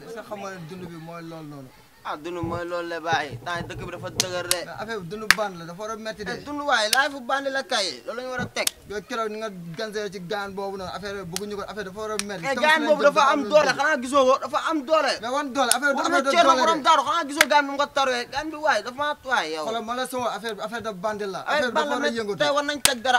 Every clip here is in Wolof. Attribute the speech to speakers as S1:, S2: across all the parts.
S1: ne xam nga dund mooy loolu loolu. ah dund mooy loolu la bàyyi temps dëkk bi dafa dëgër de. affaire bi dund band dafa war a métti de. Eh, dund waaye laay fu band la a teg. yow keroog ni nga gansee ci gaan boobu noonu ko dafa war a métti. Eh, te gaan boobu dafa am doole xanaa gisoo ko dafa am doole. mais wan doole affaire bi affaire doole a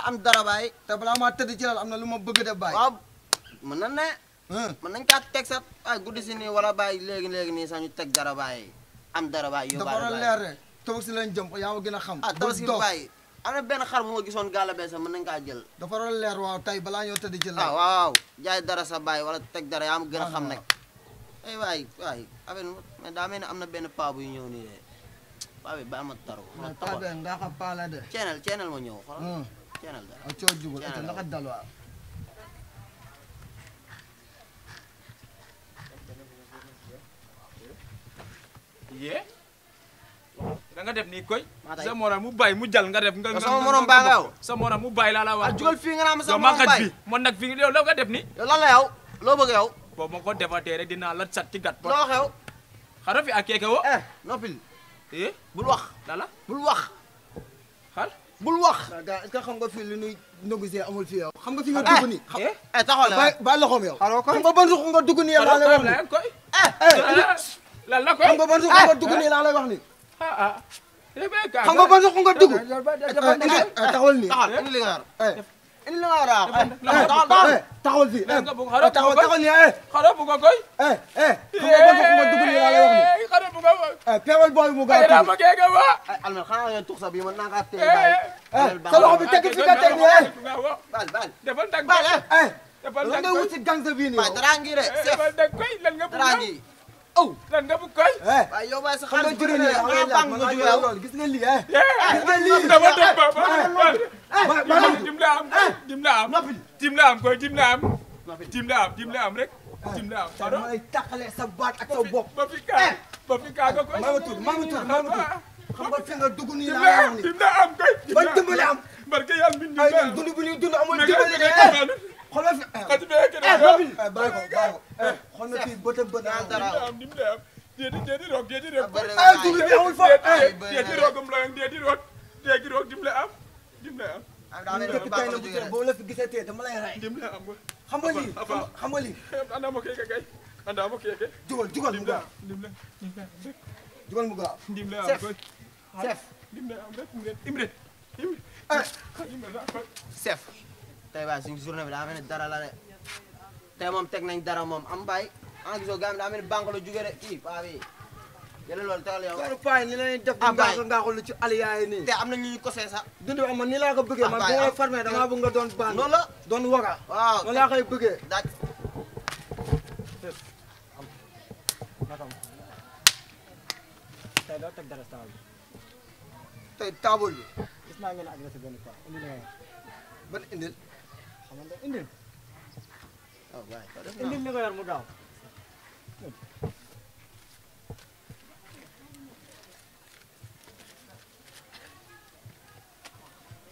S1: am dara bàyyi. te balaa maa tëdd ci am na lu ma bëgg de bàyyi. man nañ kaa teg sa ay guddi si wala bàyyi léegi léegi nii sax ñu teg dara bàyyi am dara bàyyi yóbbaale dafa leer rek tabaski lañ jëm yaa ma gën a xam ah tabaski bàyyi am na benn xar bu ma gisoon gàlla bee sax mën nañ kaa jël dafa leer waaw tey balaa ñoo tëdd ci la ah waaw jaay dara sa baay wala teg dara yaa ma gën a xam ah. nag ay waay waay affaire am na benn paa buy ñëw nii de paa ma taru paa bi nga xam paa la de ma ñëw xoolal hmm. ceenel da coo jubal naka dal waaw yee da nga def nii koy sa morom mu bàyyi mu jal nga def nga sama morom baa nga yow sa morom mu bàyyi laa la ah, jugal fii nga naan sama morom bàyyi man nag fii yow la nga def ni yow lan la yow loo bëgg yow boobu ma ko la sat ci gat ba loo xew xara fi ak wax lala eh, eh? bul wax xal wax gars est-ce que xam nga fii li ñuy négocier xam nga fi nga eh, dugg nii eh taxawal nga ban nii yow lan la koy xam nga ban suq ah. nga dugg nii laa lay wax nii. ah ah. Eh, xam nga ban suq nga dugg. Eh, eh, taxawal nii taxawal li nga indi li nga war a taxawal taxawal fii taxawal taxawal nii eh. xarala bu ko koy. eh eh xam nga ban suq nga dugg nii laa lay wax nii. xarala bu ko koy. peewal booy mu gaaw a tudd. almal xanaa ngeen tuux sax bii man naa kaa tee bàyyi. sa bi tekki fi nga teg nii eh. baal baal baal eh. lan nga wut si ah? gàncax bii nii. waaw dara ngi de. aw lan nga bëgg koy. waaw yow ba sa xaalis bu dul loolu gis nga lii gis nga lii dama dem ba ba ba dimla am dimla am dimla am koy dimla am dimla am dimla am rek dimla am. pardon ma lay tàqale sa baat ak sa bopp. ba fi kaa ba fi kaa nga koy. Mamadou Mamadou Mamadou xam nga fi nga dugg nii laa wax ni dimla am koy. ba dimbali am. barke yàlla bi dimla am ay dund bu ñuy dund amul dimbali de. xoolal fi xati be ke da babil bàyyi ko bàyyi ko xool na kii bët ak bët am nim da am déedéet déedéet roog déedéet roog ay dugub bi amul fa déedéet roogum la déedéet roog déedéet roog dim la am dim la am ah, am na ko tay na bu tey boo la fi gisee tey dama lay ray dim la am xam nga lii xam nga lii anda ma keke kay anda ma keke jugal jugal mu gaaw dim la jugal mu gaaw dim la am chef dim la am rek imret imret imret chef tey waaye suñu journée bi daa mel ni dara la de tey moom teg nañ dara moom am baay ah gisoo gaa daa mel ni banque la jugee de kii paa bi jëlee loolu tegal yow. kon paa yi li leen def. ah baay ngaaxul lu ci aliyaa yi nii. te am na ñu ñu kosee sax. dund am man nii laa ko bëggee man bu ma farmee damaa bëgg nga doon baan. noonu la doon wara. waaw noonu laa koy bëggee. daaj. tey doo teg dara taabul. tey taabul bi. gis naa ngeen agressé benn paa indi la ban indil. xamal oh, nga mu daaw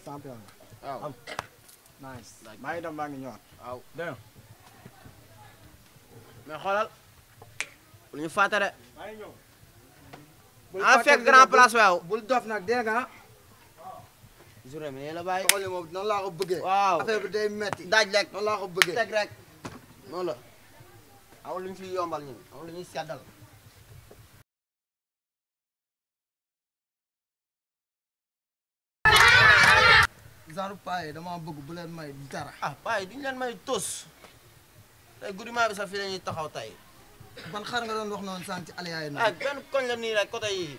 S1: champion oh. maa ngi dem maa ngi ñëwaat waaw oh. xoolal lu ñu fàttale maa ngi ñëw en fait grand place waaw bul dof nag dégg nga journée bi nee la bàyyi. tool yi moom noonu laa ko bëggee. waaw affaire bi day metti daaj rek noonu laa ko bëggee. teg rek noonu la. aw lu ñu fiy yombal ñun aw lu ñuy seddal. genre paa yi damaa bëgg bu leen may dara. ah paa yi duñu leen may tos. tey guddimaa bi sax fii la ñuy taxaw tey. ban xar nga doon wax noonu sànq ci aliyaayu. ah benn koñ la nii rek côté yii.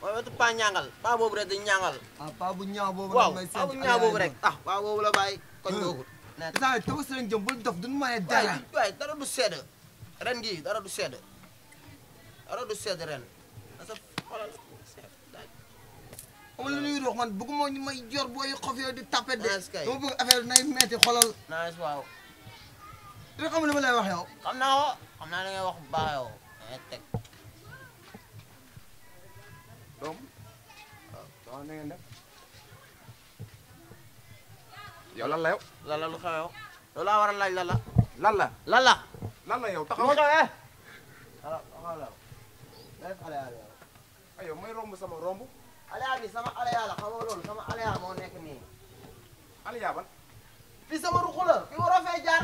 S1: mooy wetu paa ñaangal paa boobu rek dañ ñaangal. ah paa bu ñaaw boobu rek mooy seen. waaw paa bu ñaaw boobu rek ah paa boobu la bàyyi koñ boobu. naan saa tabaski lañ jëm bul dof duñu maye dara. waay dara du sedd ren gii dara du sedd dara du sedd ren. amul lu ñuy dox man bëgguma ñu may jor booy xof yooyu di tapé de. dama bëgg affaire nay metti xolal. naaj waaw. dina xam li ma lay wax yow. xam naa ko xam naa li ngay wax bu baax yow. Eh, doom waaw ah, waaw ngeen def yow lan la yow. lan la lu xew loolu laa war laaj lan la. lan la lan la. lan la yow taxawal lu xewee. alors romb sama romb. aliyaa bi sama aliyaa la xamoo loolu sama aliyaa moo nekk nii. aliyaa ban. fi sama ruq la fi jaar.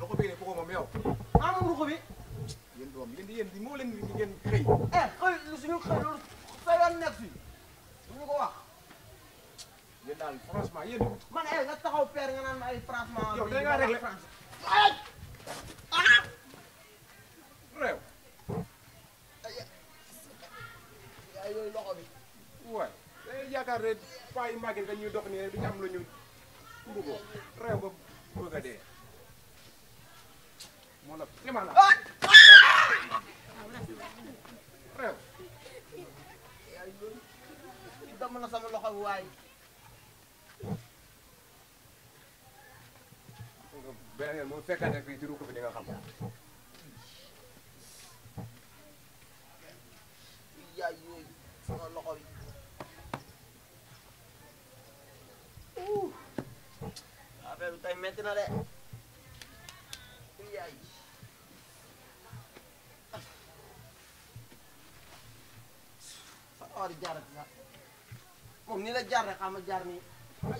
S1: ruq bii ne ku ko yow. amul ruq bi. doom yi yéen di moo eh xëy lu suñu xëy loolu sa yoon nekk si duñu ko wax. Ah. yéen daal franchement yéen man eh nga taxaw père nga naan ma ay franchement. yow da ngaa réglé réew. ay yooyu loxo bi. lu ñu bëggoo réew ba bëgg a dee. dama na sama loxo waay. beneen yoon moom fekkante fii ci ruuk bi di nga xam. yaay yooyu sama loxo yi. affaire bi tey métti na de. or jaarati sax moom ni la jaar rek xam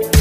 S1: nii